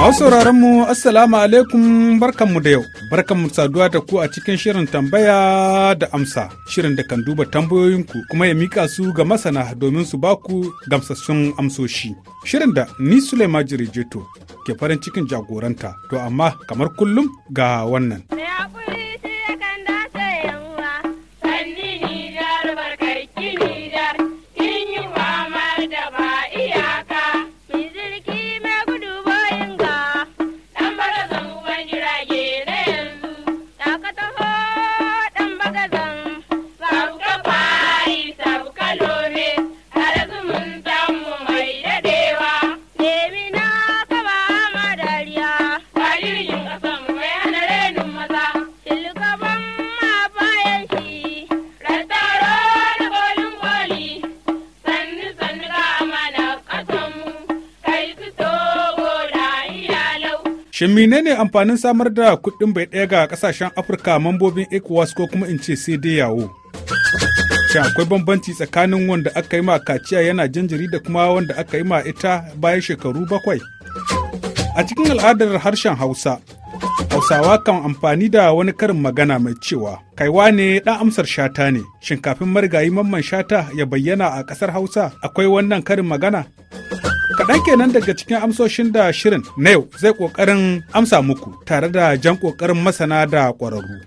Masu sauraron mu Assalamu alaikum barkanmu da yau. Barkanmu saduwa da ku a cikin shirin tambaya da amsa. Shirin da kan duba tambayoyinku kuma ya mika su ga masana domin su baku gamsassun amsoshi. Shirin da ni Sulema Jirijeto ke farin cikin jagoranta. To amma kamar kullum ga wannan. menene amfanin samar da kuɗin bai ɗaya ga ƙasashen afirka mambobin ecowas ko kuma in ce sai dai yawo shin akwai bambanci tsakanin wanda aka yi ma kaciya yana jinjiri da kuma wanda aka yi ma ita bayan shekaru bakwai a cikin al'adar harshen hausa hausawa kan amfani da wani karin magana mai cewa kaiwa ne ɗan amsar shata ne shin kafin marigayi mamman shata ya bayyana a ƙasar hausa akwai wannan karin magana Kaɗan kenan daga cikin amsoshin da shirin na yau zai ƙoƙarin amsa muku tare da jan ƙoƙarin masana da ƙwararru.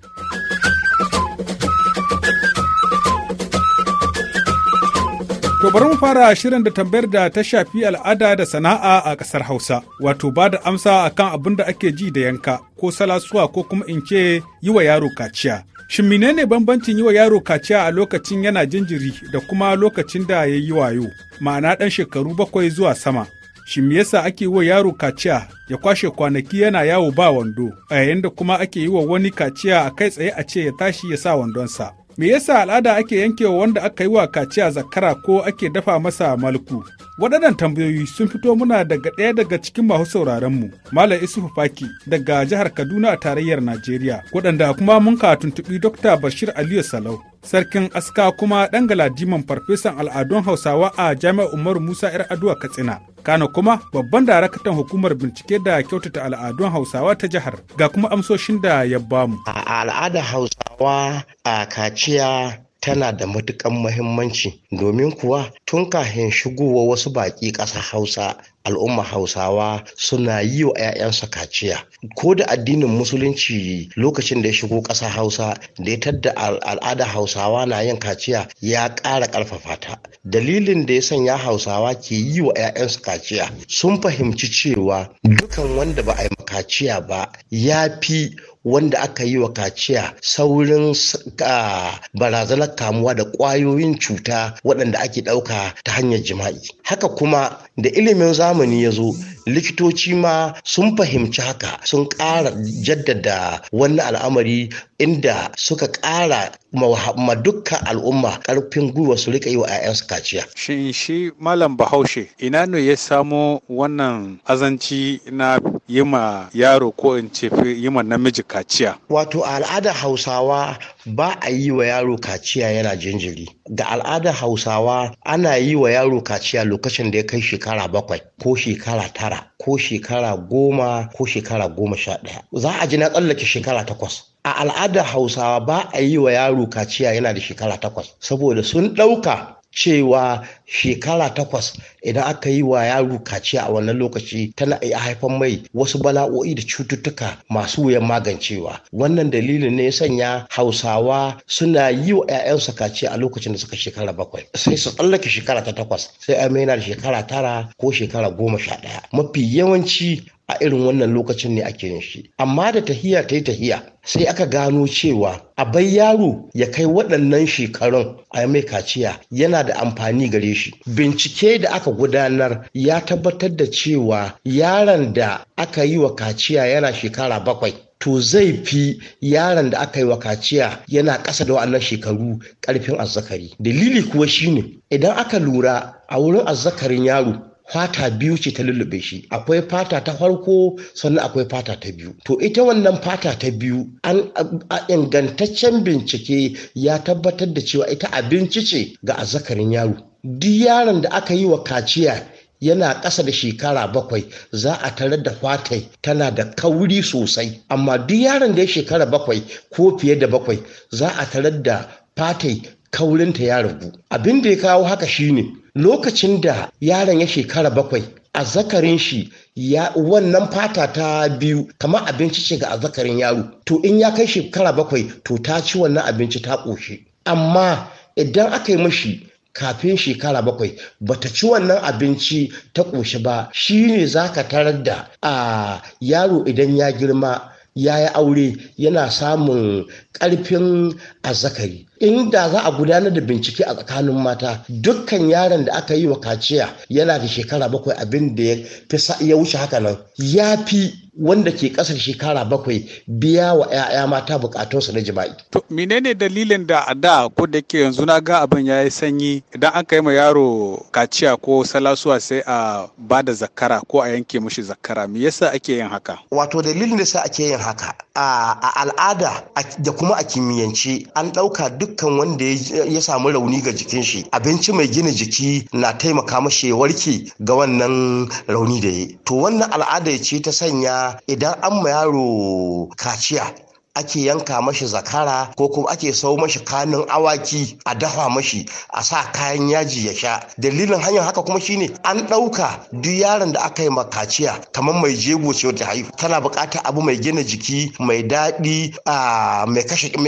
To bari mu fara shirin da tambayar da ta shafi al'ada da sana'a a ƙasar Hausa, wato ba da amsa akan abin da ake ji da yanka ko salasuwa ko kuma in ce yi wa yaro kaciya. Shin menene bambancin yi wa yaro kaciya a lokacin yana jinjiri da kuma lokacin da ya yi wayo, ma'ana ɗan shekaru bakwai zuwa sama? Shin me yasa ake yi wa yaro kaciya ya kwashe kwanaki yana yawo ba wando, a yayin da kuma ake yi wa wani kaciya a kai tsaye a ce ya tashi ya sa wandonsa? Me yasa al'ada ake yankewa wanda aka yi wa kaciya zakara ko ake dafa masa malku? Waɗannan tambayoyi sun fito muna daga ɗaya daga cikin masu mu, Malam Isufu Faki daga jihar Kaduna a tarayyar Najeriya, waɗanda kuma mun ka tuntuɓi Dr. Bashir Aliyu Salau, sarkin aska kuma ɗan galadiman farfesan al'adun Hausawa a Jami'ar Umaru Musa 'yar Aduwa Katsina. Kano kuma babban darakatan hukumar bincike da kyautata al'adun Hausawa ta jihar ga kuma amsoshin da ya bamu. A al'adar Hausawa a kaciya tana da matukan muhimmanci domin kuwa tun kahin shigowa wasu baƙi ƙasa hausa al'umma hausawa suna yi wa 'ya'yansa kaciya ko da addinin musulunci lokacin da ya shigo ƙasa hausa da ya tadda al'ada hausawa na yin kaciya ya ƙara ƙarfafa ta dalilin da ya sanya hausawa ke yi wa 'ya'yansu kaciya sun fahimci cewa dukan wanda ba a yi kaciya ba ya fi wanda aka yi wa kaciya saurin barazanar kamuwa da ƙwayoyin cuta waɗanda ake ɗauka ta hanyar jima'i haka kuma da ilimin zamani ya zo likitoci ma sun fahimci haka sun ƙara jaddada wani al'amari inda suka ƙara ma dukkan al'umma karfin gwiwa su rika yi wa 'ya'yansu kaciya. Shin shi malam bahaushe ina ne ya samo wannan azanci na yi ma yaro ko in ce yi ma namiji kaciya? Wato a al'adar Hausawa ba a yi wa yaro kaciya yana jinjiri. Ga al'adar Hausawa ana yi wa yaro kaciya lokacin da ya kai shekara bakwai ko shekara tara ko shekara goma ko shekara goma sha ɗaya. Za a ji na tsallake shekara takwas. a al'adar hausawa ba a yi wa yaro kaciya yana da shekara takwas saboda sun ɗauka cewa shekara takwas idan aka yi wa yaro kaciya a wannan lokaci tana iya haifar mai wasu bala'o'i da cututtuka masu wuyan magancewa wannan dalilin ne sanya hausawa suna yi wa 'ya'yansu kaciya a lokacin da suka shekara bakwai sai su tsallake shekara ta takwas sai a da shekara tara ko shekara goma sha ɗaya mafi yawanci a irin wannan lokacin ne ake yin shi amma da tahiya ta yi tahiya sai aka gano cewa a bai yaro ya kai waɗannan shekarun a mai kaciya yana da amfani gare shi bincike da aka gudanar ya tabbatar da cewa yaron da aka yi wa kaciya yana shekara bakwai to zai fi yaron da aka yi wa kaciya yana ƙasa da wa'annan shekaru ƙarfin azzakari dalili kuwa shine idan aka lura a wurin azzakarin yaro fata biyu ce ta lullube shi akwai fata ta farko sannan akwai fata ta biyu to ita wannan fata ta biyu an ingantaccen bincike ya tabbatar da cewa ita abinci ce ga azzakarin yaro duk yaron da aka yi wa kaciya yana ƙasa da shekara bakwai za a tarar da fatai tana da kauri sosai amma duk yaron da ya shekara bakwai ko fiye da bakwai za a tarar da fatai kaurinta ya ragu abin da ya kawo haka shine lokacin da yaron ya shekara bakwai a zakarin shi wannan fata ta biyu kamar abinci ce ga azzakarin yaro to in ya kai shekara bakwai to ta ci wannan abinci ta ƙoshi amma idan aka yi mashi kafin shekara bakwai bata ci wannan abinci ta ƙoshi ba shine ka tarar da a yaro idan ya girma ya yi aure yana samun ƙarfin azzakari inda za a gudanar da bincike a tsakanin mata dukkan yaron da aka yi wa kaciya yana da shekara bakwai abin da ya wuce haka nan ya fi wanda ke ƙasar shekara bakwai biya wa 'ya'ya mata bukatunsu na jima'i. To menene dalilin da a da ko da ke yanzu na ga abin ya yi sanyi idan an kai ma yaro kaciya ko salasuwa sai a ba da zakara ko a yanke mushi zakara me yasa ake yin haka? Wato dalilin da sa ake yin haka a al'ada da kuma a kimiyyance an ɗauka dukkan wanda ya samu rauni ga jikin shi abinci mai gina jiki na taimaka mashi ya warke ga wannan rauni da ya. To wannan al'ada ce ta sanya idan an ma yaro kaciya ake yanka mashi zakara ko kuma ake sau mashi kanin awaki a dafa mashi a sa kayan yaji ya sha dalilin hanyar haka kuma shine an ɗauka duk yaron da aka yi makaciya kamar mai jego ce wata haihu tana buƙatar abu mai gina jiki mai daɗi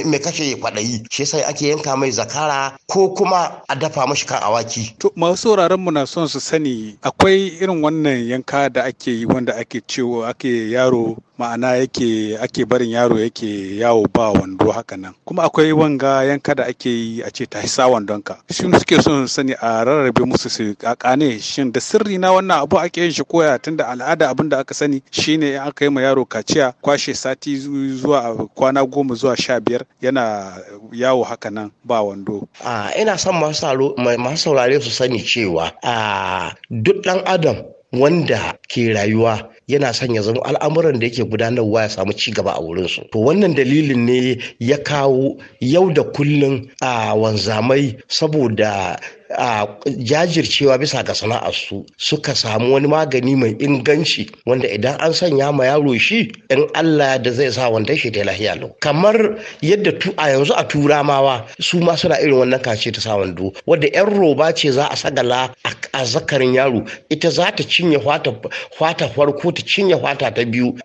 mai kashe kwaɗayi shi yasa ake yanka mai zakara ko kuma a dafa mashi kan awaki. to masu sauraron mu na son su sani akwai irin wannan yanka da ake yi wanda ake cewa ake yaro ma'ana yake ake barin yaro yake yawo ba wando haka nan kuma akwai wanga yanka da ake yi a ce ta hisa wandonka shi suke son sani a rarrabe musu su kakane shin da sirri na wannan abu ake yin shi koya tunda al'ada abin da aka sani shine in aka yi ma yaro kaciya kwashe sati zuwa kwana goma zuwa sha biyar yana yawo haka nan ba wando ah, ina son masu saurare su sani cewa ah, duk dan adam wanda ke rayuwa yana son ya zama al'amuran da yake gudanarwa ya samu ci gaba a wurinsu to wannan dalilin ne ya kawo yau da kullun a wanzamai saboda a jajircewa bisa ga su suka samu wani magani mai inganci wanda idan an sanya ma yaro shi in Allah da zai sa wanda shi da lahiya lau kamar yadda a yanzu a tura mawa su ma suna irin wannan kace ta sa wando wadda yan roba ce za a sagala a zakarin yaro ita za ta cinye fata farko ta cinye fata ta biyu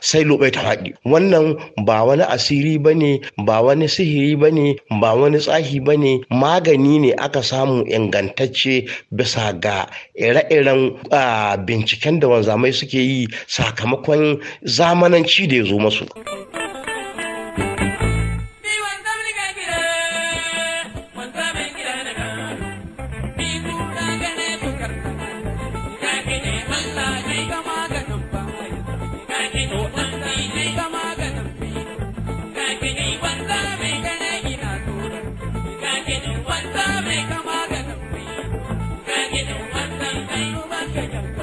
sai lobe ta haɗi. wannan ba wani asiri bane ba wani sihiri bane ba wani tsahi bane magani ne aka samu ingantacce bisa ga ire-iren binciken da wanzamai suke yi sakamakon zamananci da ya zo masu. Thank you.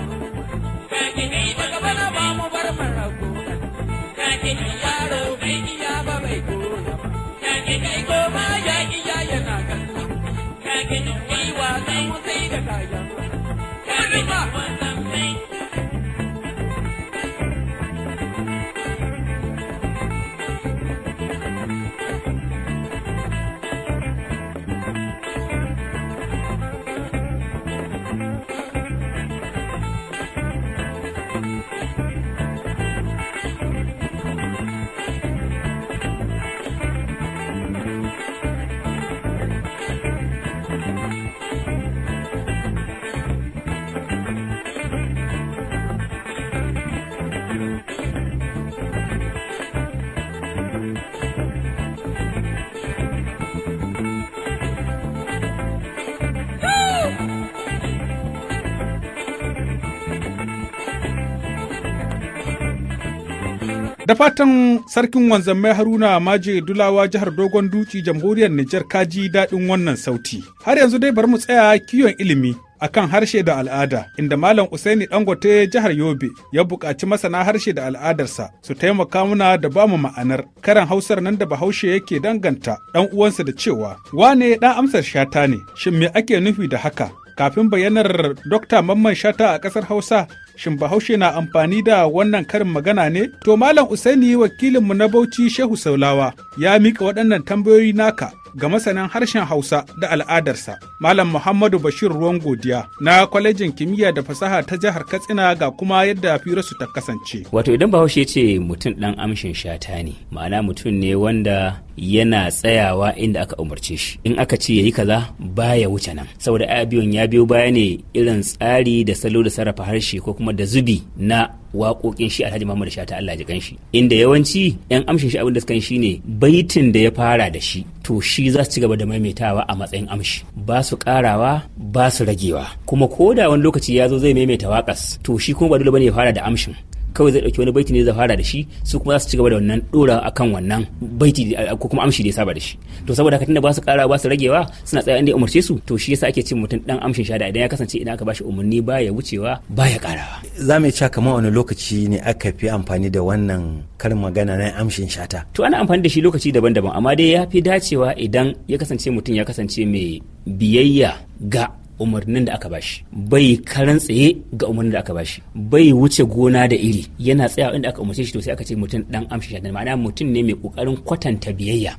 A fatan sarkin wanzamai haruna maje dulawa jihar dogon duci jamhuriyar nijar kaji daɗin wannan sauti har yanzu dai bari mu tsaya kiwon ilimi akan harshe da al'ada inda malam usaini dangote jihar yobe ya buƙaci masana harshe da al'adarsa su taimaka muna da bamu ma'anar karan hausar nan da bahaushe yake danganta ɗan uwansa da cewa wane ɗan amsar shata ne shin me ake nufi da haka kafin bayyanar Dr. Mamman Shata a ƙasar Hausa shin bahaushe na amfani da wannan karin magana ne to malam usaini wakilinmu na bauchi shehu saulawa ya miƙa waɗannan tambayoyi naka ga masanin harshen Hausa da al'adarsa, Malam Muhammadu Bashir Ruwan Godiya na kwalejin kimiyya da fasaha ta jihar Katsina ga kuma yadda firarsu ta kasance. Wato idan Bahaushe ce mutum ɗan amshin shata ne, ma'ana mutum ne wanda yana tsayawa inda aka umarce shi. In aka ce ya yi kaza baya wuce nan. Saboda abiyun ya biyo baya ne irin tsari da salo da sarrafa harshe ko kuma da zubi na waƙoƙin shi Alhaji Muhammad Shata Allah ji ganshi. inda yawanci yan amshin shi abin da sukan shine baitin da ya fara da shi to shi za su ci gaba da maimaitawa a matsayin amshi ba su karawa ba su ragewa kuma ko da wani lokaci ya zo zai maimaita waƙas to shi kuma ba dole bane ya fara da amshin kawai zai dauki wani baiti ne zai fara da shi su kuma za su ci gaba da wannan dora akan wannan baiti ko kuma amshi da ya saba da shi to saboda haka tunda ba su kara ba su ragewa suna tsaya inda ya umarce su to shi yasa ake cin mutum dan amshin shada idan ya kasance idan aka bashi umarni baya wucewa baya karawa za mu cewa kamar wani lokaci ne aka fi amfani da wannan karin magana na amshin shata to ana amfani da shi lokaci daban-daban amma dai ya fi dacewa idan ya kasance mutum ya kasance mai biyayya ga umarnin da aka bashi bai karan tsaye ga umarnin da aka bashi bai wuce gona da iri yana tsayawa inda aka umarce shi to sai aka ce mutum dan amshi shi ma'ana mutum ne mai kokarin kwatanta biyayya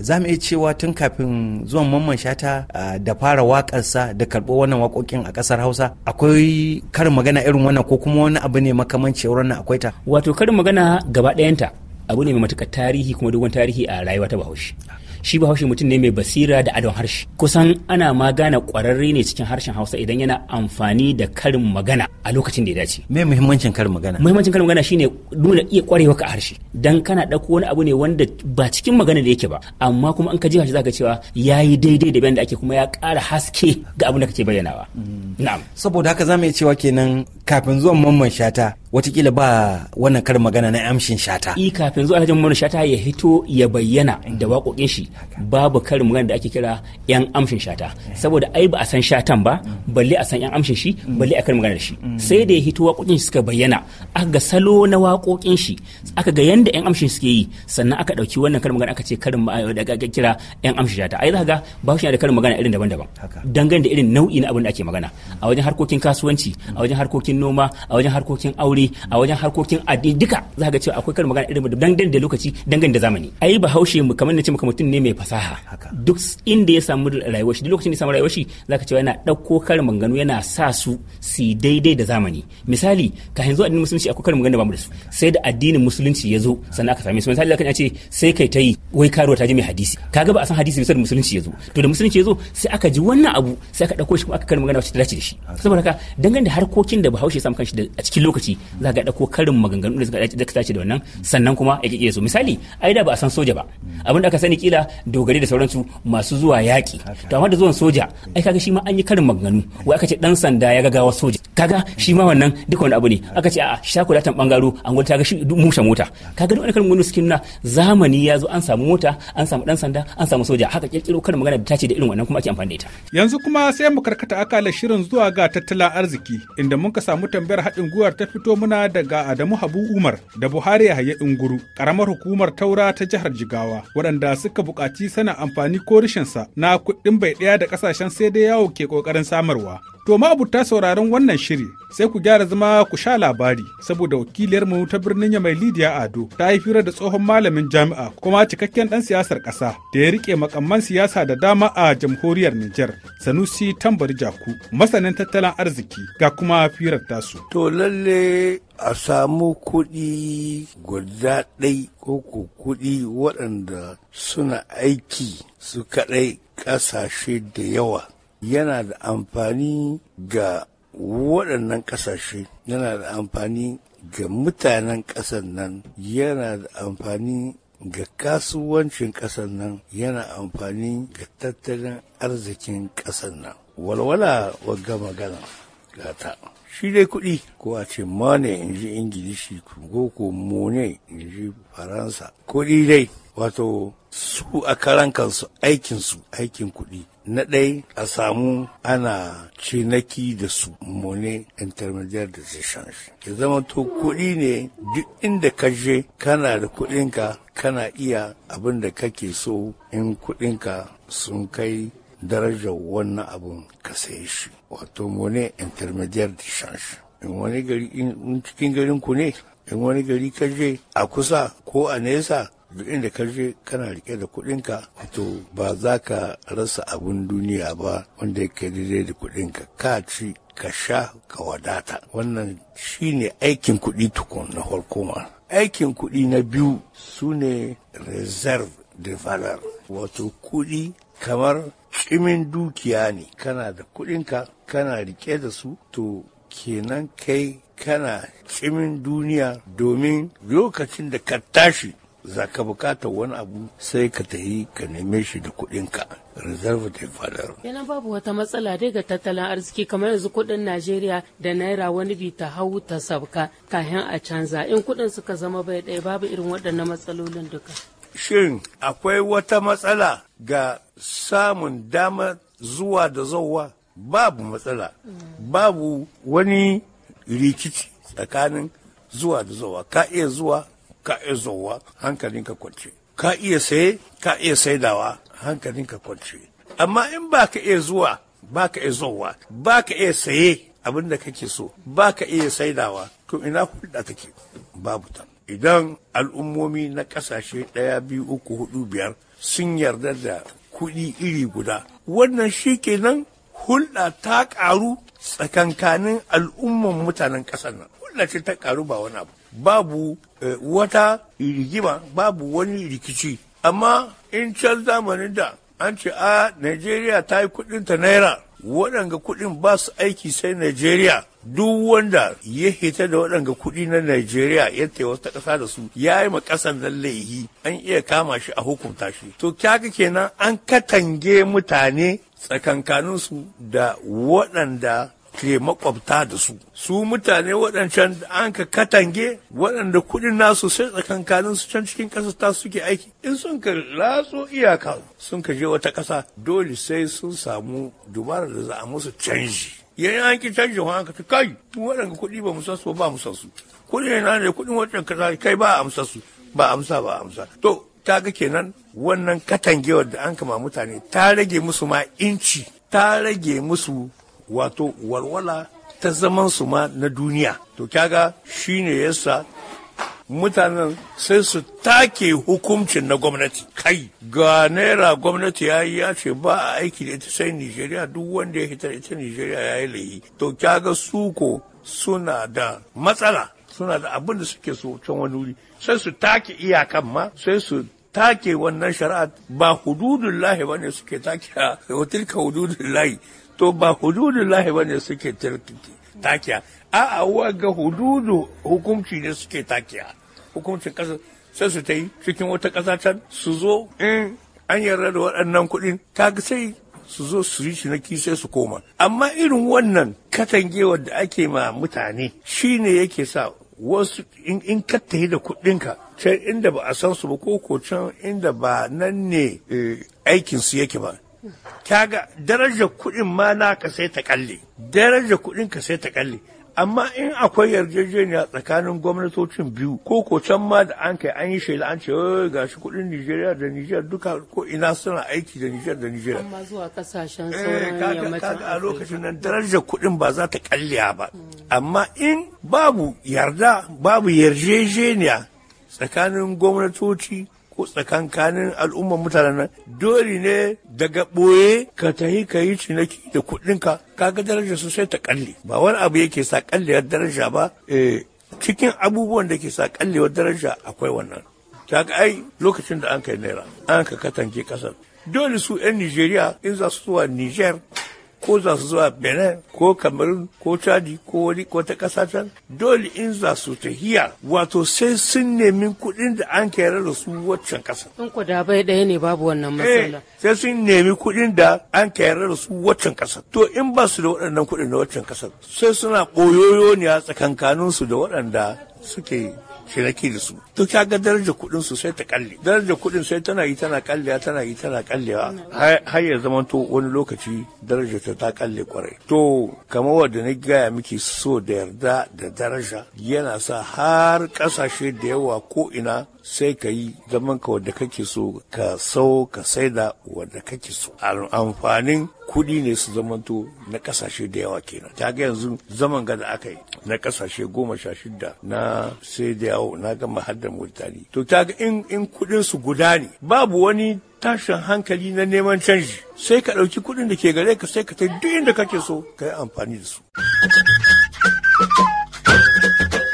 za mu iya cewa tun kafin zuwan mamman shata da fara waƙarsa da karɓo wannan waƙoƙin a ƙasar hausa akwai karin magana irin wannan ko kuma wani abu ne makamanci wannan akwai ta wato karin magana gaba ɗayanta abu ne mai matuƙar tarihi kuma dogon tarihi a rayuwa ta bahaushe shi bahaushe mutum ne mai basira da adon harshe kusan ana magana gane kwararre ne cikin harshen hausa idan yana amfani da karin magana a lokacin da ya dace me muhimmancin karin magana muhimmancin karin magana shine nuna iya kwarewa ka harshe dan kana dauko wani abu ne wanda ba cikin magana da yake ba amma kuma an ka ji shi zaka cewa yayi daidai da bayan da ake kuma ya ƙara haske ga abin da kake bayyanawa mm. na'am saboda haka zamu iya cewa kenan kafin zuwan mamman shata watakila ba wannan karin magana na amshin shata i kafin zuwa alhaji mamman shata ya hito ya bayyana da waƙoƙin shi babu karin magana da ake kira yan amshin shata saboda ai ba a san shatan ba balle a san yan amshin shi balle a karin magana da shi sai da ya hito waƙoƙin shi suka bayyana aka ga salo na waƙoƙin shi aka ga yanda yan amshin suke yi sannan aka ɗauki wannan karin magana aka ce karin da aka kira yan amshin shata ai za ka ga ba shi da karin magana irin daban-daban dangane da irin nau'i na abin da ake magana a wajen harkokin kasuwanci a wajen harkokin noma a wajen harkokin aure aure a wajen harkokin addini duka za ga cewa akwai karin magana irin da dangane da lokaci dangane da zamani ai bahaushe mu kamar nace maka mutum ne mai fasaha duk inda ya samu rayuwar shi duk lokacin da ya samu rayuwar shi za ka cewa yana dauko karin maganganu yana sa su su daidai da zamani misali ka yanzu addinin musulunci akwai karin maganganu ba mu da su sai da addinin musulunci ya zo sannan aka same su misali ka ce sai kai ta yi wai karuwa ta ji mai hadisi ga ba a san hadisi bisa da musulunci ya zo to da musulunci ya zo sai aka ji wannan abu sai aka dauko shi kuma aka karin magana wacce ta dace da shi saboda haka dangane da harkokin da bahaushe ya samu kanshi a cikin lokaci za ka ko karin maganganu da suka dace da wannan sannan kuma ya kike su misali ai da ba a san soja ba abin da aka sani kila dogari da sauransu masu zuwa yaƙi to amma da zuwan soja ai kaga shi ma an yi karin maganganu wai aka ce dan sanda ya gagawa soja kaga shi ma wannan duk wani abu ne aka ce a sha tan bangaro an gwada ta ga shi mushe mota kaga duk wani karin maganganu sukin na zamani ya zo an samu mota an samu dan sanda an samu soja haka kirkiro karin magana da ta ce da irin wannan kuma ake amfani da ita yanzu kuma sai mu karkata akalar shirin zuwa ga tattalin arziki inda mun ka samu tambayar haɗin gwiwar ta fito muna daga Adamu Habu Umar da Buhari Yahaya Inguru, ƙaramar hukumar Taura ta jihar Jigawa, waɗanda suka buƙaci sana amfani ko rishinsa na kuɗin bai ɗaya da ƙasashen sai dai yawo ke ƙoƙarin samarwa. To ma'abuta sauraron wannan shiri sai ku gyara zama ku sha labari saboda wakiliyarmu ta birnin ya mai Lidiya Ado ta yi fira da tsohon malamin jami'a kuma cikakken ɗan siyasar ƙasa da ya riƙe makamman siyasa da dama a jamhuriyar Nijar Sanusi Tambari Jaku masanin tattalin arziki ga kuma firar tasu. To lalle a samu kuɗi guda ɗai ko kuɗi waɗanda suna aiki su kaɗai ƙasashe da yawa yana da amfani ga waɗannan ƙasashe yana da amfani ga mutanen ƙasar nan yana da amfani ga kasuwancin ƙasar nan yana amfani ga tattalin arzikin ƙasar nan walwala wagga magana gata shi dai kuɗi ko a ce ne in ji ingilishi ko ko mone in ji faransa kuɗi dai wato su a karan kansu aikinsu aikin kuɗi na ɗai a samu ana cinaki da su mone intermediate da ya zama to kuɗi ne duk inda ka je kana da kuɗinka kana iya abin da kake so in kuɗinka sun kai darajar wannan abun ka saye shi wato mone intermediate da in wani gari in cikin garin ku ne in wani gari ka je a kusa ko a nesa duk inda ka je kana rike da kuɗinka to ba za ka rasa abun duniya ba wanda yake daidai da kuɗinka ka ci ka sha ka wadata wannan shine aikin kuɗi tukun na farko aikin kuɗi na biyu su ne reserve de valeur wato kuɗi kamar cimin dukiya ne kana da kuɗinka kana rike da su to kenan kai kana cimin duniya domin lokacin da ka tashi za ka bukatar wani abu sai ka ta yi ka neme shi da kuɗinka reserve ta fadar. yana babu wata matsala dai ga tattalin arziki kamar yanzu kuɗin najeriya da naira wani bi ta hau ta sabka kafin a canza in kuɗin suka zama bai ɗaya babu irin waɗannan matsalolin duka. shin akwai wata matsala ga samun dama zuwa da zauwa babu matsala babu wani rikici tsakanin zuwa da zuwa ka iya zuwa ka iya zowa hankalinka kwance ka iya saye ka iya saidawa hankalinka kwance amma in ba ka iya zuwa ba ka iya zowa ba ka iya saye abin da kake so ba ka iya saidawa to ina hulɗa kake babu ta idan al'ummomi na ƙasashe ɗaya biyu uku hudu biyar sun yarda da kuɗi iri guda wannan shi kenan hulɗa ta ƙaru tsakankanin al'umman mutanen ƙasar nan hulɗa ce ta ƙaru ba wani abu babu eh, wata rigima babu wani rikici amma in can zamanin da an ce a Najeriya ta yi ta naira waɗanga kuɗin ba su aiki sai Najeriya duk wanda ya hita da waɗanga kuɗi na Najeriya ya taya wata ƙasa da su ya yi ma ƙasan nan laihi an iya kama shi a hukunta shi to kyaka kenan an katange mutane tsakankaninsu da waɗanda ke makwabta da su su mutane waɗancan an ka katange waɗanda kuɗin nasu sai tsakankanin su can cikin ƙasar ta suke aiki in sun ka latso iyaka sun ka je wata ƙasa dole sai sun samu dubara da za a musu canji yayin an ki canji wa an ka kai waɗanda kuɗi ba musa su ba musa su kuɗi na ne kuɗin wata ƙasa kai ba a amsa su ba amsa ba amsa to ta ga kenan wannan katangewar da an kama mutane ta rage musu ma inci ta rage musu wato walwala ta zaman su ma na duniya to kyaga shine yasa mutanen sai su take hukuncin na gwamnati kai ga naira gwamnati ya yi ya ce ba a aiki da ita sai nigeria duk wanda ya hitar ita nigeria ya yi layi to kyaga suko suna da matsala suna da abin da suke so can wani wuri sai su take iyakan ma sai su take wannan shari'a ba hududullahi ne suke take a tilka hududullahi to ba hududun lahi ba ne suke takiya a'a waga hududu hukunci ne suke takiya hukuncin ƙasa sai su ta yi cikin wata ƙasa can su zo in mm. an yarda da waɗannan kuɗin ta sai su zo su yi ciniki sai su koma amma irin wannan katangewar da ake ma mutane shi ne yake sa wasu in ka da kuɗinka can inda ba a san su ba ko ko can inda ba nan ne eh, aikinsu yake ba kaga darajar kuɗin ma naka sai ta kalle darajar kuɗin ka sai ta kalle amma in akwai yarjejeniya tsakanin gwamnatocin biyu ko ko can ma da an kai an yi shela an ce ga shi kuɗin nigeria da nigeria duka ko ina suna aiki da nigeria da nigeria amma zuwa kasashen eh, sauran yammacin kaga a lokacin nan darajar kudin ba za ta kalliya ba amma in babu yarda babu yarjejeniya tsakanin gwamnatoci tsakankanin al'umma mutanen nan dole ne daga ɓoye ka tahi ka yi ciniki da kuɗinka kaga daraja sosai ta kalle ba wani abu yake sa kallewar daraja ba eh, cikin abubuwan da ke sa kallewar daraja akwai wannan ta ai lokacin da an kai naira an ka katange kasar dole su 'yan nigeria in za su zuwa niger ko za su zuwa benin ko kamarun ko chadi ko wani ko ta ƙasa can dole in za su tahiya wato sai sun nemi kuɗin da an kera da su waccan ƙasa. in ku da bai ɗaya ne babu wannan eh, matsala. sai sun nemi kuɗin da an kera da su waccan ƙasa to in ba su da waɗannan kuɗin na waccan ƙasa sai suna ɓoyoyo ne a tsakankaninsu da waɗanda suke shiraki da su to ka ga darajar kuɗin su sai ta kalle darajar kuɗin sai tana yi tana kalle tana yi tana kallewa har ya zama to wani lokaci daraja ta ta kalle kwarai to kamar wanda na gaya miki so da yarda da daraja yana sa har ƙasashe da yawa ko ina sai ka yi zaman ka wadda kake so ka sau ka sai saida wadda kake so amfanin kuɗi ne su zamanto na ƙasashe da yawa kenan ta ga yanzu zaman gada aka yi na ƙasashe goma sha shida na sai da yawo na gama har da Mauritania to ta in in kudin su guda ne babu wani tashin hankali na neman canji sai ka ɗauki kuɗin da ke gare ka sai ka ta duk inda kake so ka yi amfani da su.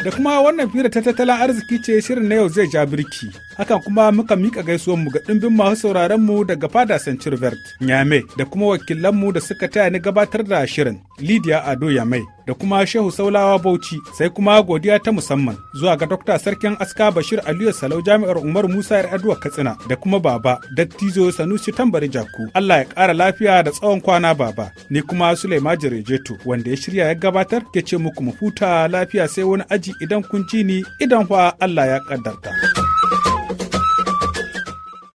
Da kuma wannan fira ta tattalin arziki ce shirin na yau zai ja birki. Hakan kuma muka mika mu ga ɗimbin masu sauraron mu daga fada Century Vert, Nyame da kuma wakilan mu da suka taya ni gabatar da shirin Lydia Ado Yamai da kuma Shehu Saulawa Bauchi sai kuma godiya ta musamman zuwa ga Dr. Sarkin Aska Bashir Aliyu Salau Jami'ar Umar Musa adwa Katsina da kuma baba Dattijo Sanusi Tambari Jaku. Allah ya ƙara lafiya da tsawon kwana baba. Ni kuma Suleiman Jirejeto wanda ya shirya ya gabatar ke ce muku mu huta lafiya sai wani aji idan kun ji ni idan fa Allah ya ƙaddarta.